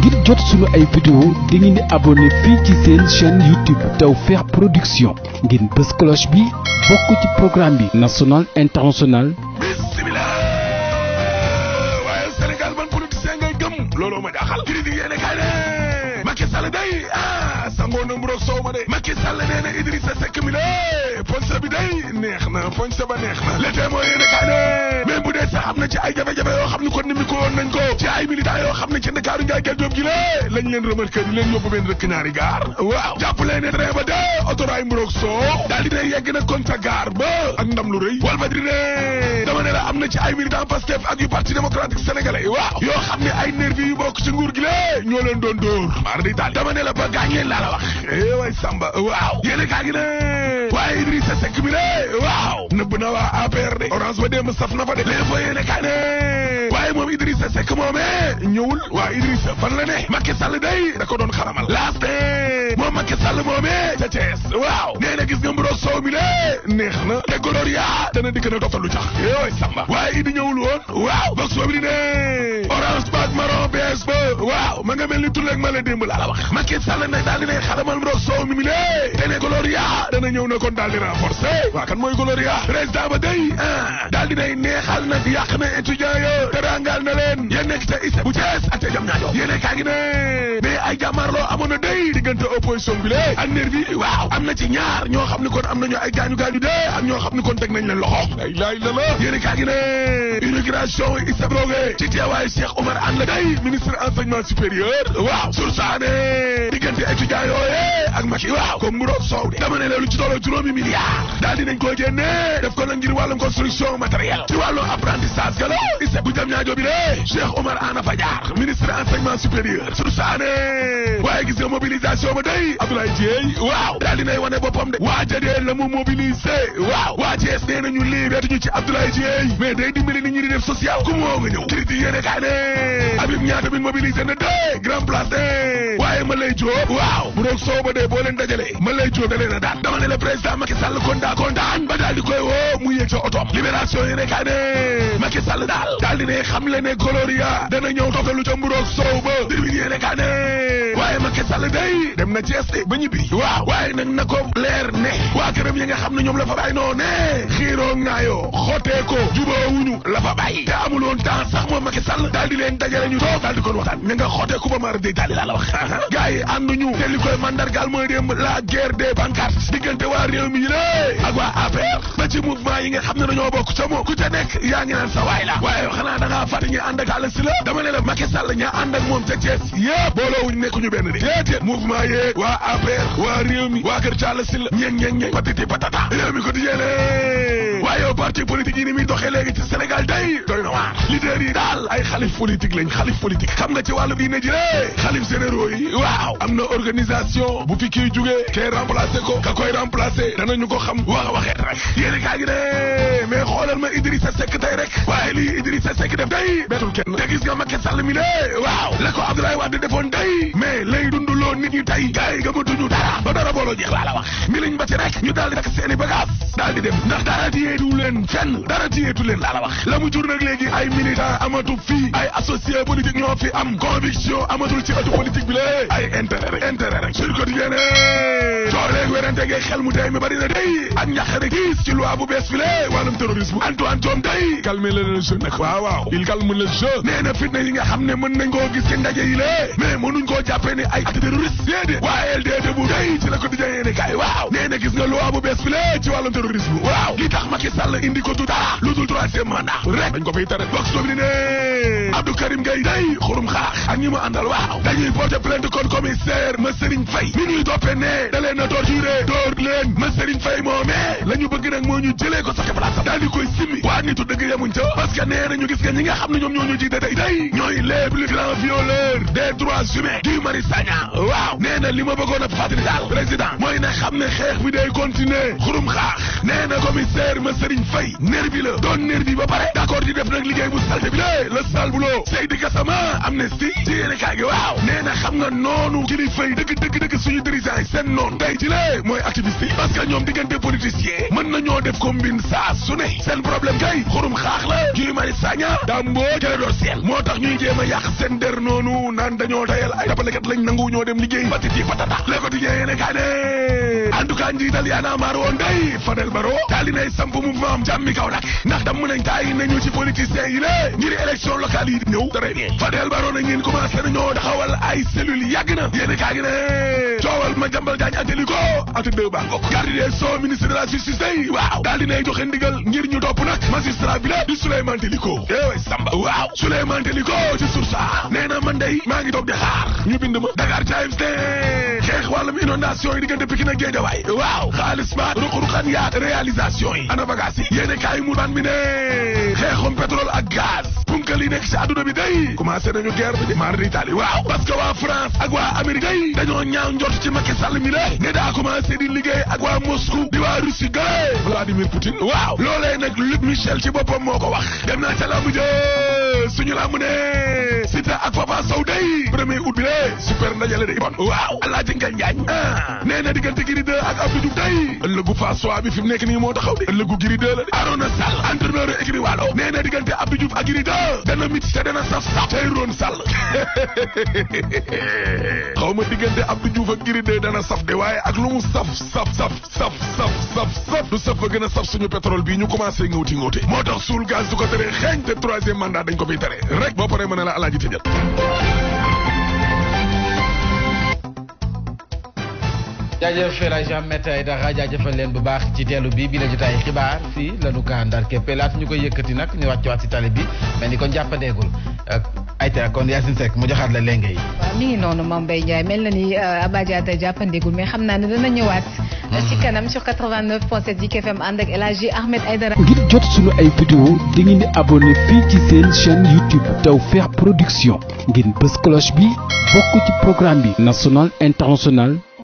ngir jot sunu ay vidéo di ngeen di abonné fii ci seen chaîne YouTube Tawfekh Production ngeen bës cloche bi bokk ci programme bi national international bisimila waaye Sénégal man politicien ngay gëm looloo ma jaaxal critique yéene kay de Macky Sall ah, nee na bi day neex na ponse ba neex na le témoin yéene kay ne même dee sax am na ci ay jafe-jafe tukki le lañ leen remarqué di leen yóbbu benn rëkk ñaari gaar waaw jàpp leen ne train ba de autorail Mburok soo daal di yegg na kon gaar ba ak lu rëy wal fa di ne dama ne am na ci ay militant Pastef ak yu parti démocratique sénégalais waaw yoo xam ne ay nervi yu nguur gi le ñoo leen doon dóor maar di daal dama ne la ba gaañ leen laa la wax eh, Samba waaw yéen a gaa gi ne waaye Idrissa waaw nëbb na waa APR de orange ba démb moom Idrissa e. moom Macky Sall e. waaw nee na gis nga mburoog soow mi le neex na te goloor yaa dana dikk na doftalu cax yooyu samba waaye Idi ñëwul woon ne orange baak marron waaw ma nga mel ni tulleeg ma di ne xaramal mburoog soow mi mi le te dana ñëw na kon daal di renforcer waa kan mooy Gloria président ba day ah daal di nay neexal nag yàq na étudiant yo te rangal na leen yéen nekk ca ISEP bu Thiès ak ca jam ñaajo yéene kaa ngi ne mais ay jàmmaarloo amoon na day diggante opposition bi lee ak nervi yi waaw am na ci ñaar ñoo xam ne kon am nañu ay gaañu gaañu dee ak ñoo xam ne kon teg nañ leen loxo lay laay la la yéene kaa ngi ne inauguration ISEP roogee ci teewaayu Cheikh Omar la day ministre enseignement supérieur waaw sur ci étudiants yooye ak mac yi waaw comme mburoog soow de dama ne lu ci tolloo juróomi milliards daal dinañ koy génne def ko nag ngir wàllum construction matériel ci wàllum apprentissage gala ISEP bu jam ñaajo bi de Cheikh Omar Ana Fadiar ministre enseignement supérieur sur waaye gis nga mobilisation ba day Abdoulaye Dieye waaw daal dinay wane boppam de waa jadee la mu mobiliser waaw waa Thiès nee nañu lii wetuñu ci Abdoulaye Dieye mais day dimbali nit ñi di def waaye ma lay jóob waaw bu doon soo ba dee boo leen dajalee ma lay jóob da leen a dama ne la président Macky Sall kontaan kontaan ba daal di koy woo mu yéeg ca otoom libération yi rek Macky Sall daal daal di ne xam le ne gloria dana ñëw togalu ca mburoog soow ba tribune yéene kaa ne waaye Macky Sall day dem na Thiès de ba ñibbi waaw waaye nag na ko leer ne waa këram yi nga xam ne ñoom la fa bàyyi noo ne xiiroo ŋaayoo xotee ko jubóowuñu la fa bàyyi te amul woon temps sax moom Macky Sall daal di leen dajale ñu toog daal di kon waxtaan ña nga xotee ba maar day daal di laa la wax gars yi ànduñu te li koy mandargaal mooy dem la guerre des pancartes diggante waa réew mi la ak ci mouvement yi nga xam ne dañoo bokk ca moom ku ca nekk yaa ngi naan sa waay la waaye xanaa da ngaa fàtte ña ànd ak dama ne la Macky Sall ña ànd ak moom ca Thiès yëpp booloowuñ nekkuñu benn de déedéet mouvement waa APR waa réew waa kër ca àll si la ñeeg ñeeg patata réew mi ko di yéene waaye yow parti politique yi ni muy doxee léegi ci Sénégal day doy na waar leader yi daal ay xalif politique lañ xalif politique xam nga ci wàllu diine ji ree xalif généraux waaw am na organisation bu fi kii jugee kee remplacé ko ka koy remplacé danañu ko xam wax waxeet rek yéeni kaa gi ne mais xoolal ma Idrissa Seck tey rek waaye lii Idrissa Seck day bettul kenn te gis nga Macky Sall mi waaw la ko Abdoulaye Wade defoon day mais lay dunduloo nit ñi tey gars yi nga ba dara booloo jeex laa la wax mi liñ ba ci rek ñu daal di takk seeni bagage daal di dem ndax dara tiyeetu leen fenn dara tiyeetu leen laa la wax la mu jur nag léegi ay militant amatu fii ay associé politique ñoo fi am conviction amatul ci aju politique bi lée ay intérêt rek intérêt rek sur quotidien coo léegi werante gee xel mu tey mi bari na day ak ñaqare gis ci loi bu bees bi lée wàllum terrorisme Antoine Diome day calmer le jeu nag waaw waaw il calme le jeu nee na fitna yi nga xam ne mën nañ koo gis ci ndaje yi lée mais mënuñ koo jàppee ni ay acte terroriste déedéet waa LDD bu day ci la ko di jaay yéene indi ko du dara lu dul troisième mandat rek dañ ko fay tere box bi ne Abdou Karim Gueye day xurum xaax ak ñi mu àndal waaw dañuy porté plainte kon commissaire ma Serigne Faye mi ñuy doppe ne da leen a torturé door leen ma Serigne xam ne ñoom ñoo ñu jiite tey day ñooy les plus grands violeurs des droits humains du Mari Sagna waaw nee na li ma bëggoon a bi day continuer xurum xaax la doon nervi ba pare d'accord di def nag liggéey bu salte bi la le sal bu Sonko Seydi Gassama Amnesty ci yéen kaay gi waaw nee xam nga noonu kilifa yi dëgg suñu dirigeant seen noonu tey ji lee mooy activiste yi ñoom diggante politicien mën na ñoo def combine saa su ne seen problème kay xurum xaax la Guy Marius Sagna Dambo Clédor Sène moo tax ñuy jéem a yàq seen der noonu naan dañoo tayal ay tapalekat lañ nangu ñoo dem liggéey patiti patata le quotidien yéen kaay ne njiital yaa naa maar woon day Fadel Baro daal di nay samp mouvement am jàmmi Kaolack ndax dam mu nañ tàyyi nañu ci politiciens yi lé ngir élection locale yi di ñëw très bien Fadel Baro na ngeen commencé nañoo taxawal ay cellules yàgg na yéen kaa ngi Madiambal Diagne ateli ko atu deux baa ngokk garde des sceaux ministre de la justice day waaw daal dinay joxe ndigal ngir ñu topp nag magistrat bi la di Souleymane Teliko Samba waaw Souleymane Teliko ci sursa nee na man day maa ngi toog di xaar ñu bind ma Dakar Times ne xeex wàllum inondation yi diggante Pikine ak Guédiawaye waaw xaalis ba ruq-ruqan yaat réalisation yi ana bagaas yi yéene kaay mu daan mi ne xeexum pétrole ak gaz punkal yi nekk ci àdduna bi Macky Sall mi de ne daa commencé di liggéey ak waa Moscou di waa Russie gale Vladimir Poutine waaw loolee nag Luc Michel ci boppam moo ko wax dem naa ca lamb ja suñu lamb ne Siteu ak Ousmane Sow day premier août bi le super ndajale de ibon waaw alaaji ngañ ngaañ ah nee na diggante Gris ak Abdou Diouf day ëllëgu phase 3 bi fi mu nekk nii moo taxaw de ëllëgu Gris 2 la de Arona Sall entraîneur écurie Waalo nee na diggante Abdou Diouf ak Gris 2 dana mit te dana saf saf tey roon Sall xaw diggante Abdou Diouf ak Gris dana saf de waaye ak lu mu saf saf saf saf saf saf saf du saf ba gën a saf suñu pétrole bi ñu commencé ngawti ngawti moo tax suul gaz du ko tere xeeñ te troisième mandat dañ ko fiy tere rek boo paree mën a la jaajëfal agent Mette leen bu baax ci teelu bi bi la jotaay xibaar si lanu kaa ndar képpe laata ñu koy yëkkati nag ñu wàccuwaat si tali bi mais ni ko njàppandeegul ayta kon Yacine Seck mu joxaat la léegi. waaw mi ngi noonu Mame bay Ndiaye mel na ni euh, Abba Diatta jàppandeegul mais xam naa ne dana ñëwaat. Hmm. ci kanam sur 89.7 Zik FM ànd ak El Hadji Ahmed Aïdara. ngir jot suñu ay vidéo di ngeen di abonné fii ci seen chaîne YouTube Tawfekh Production ngeen bës cloche bi bokk ci programme bi national international.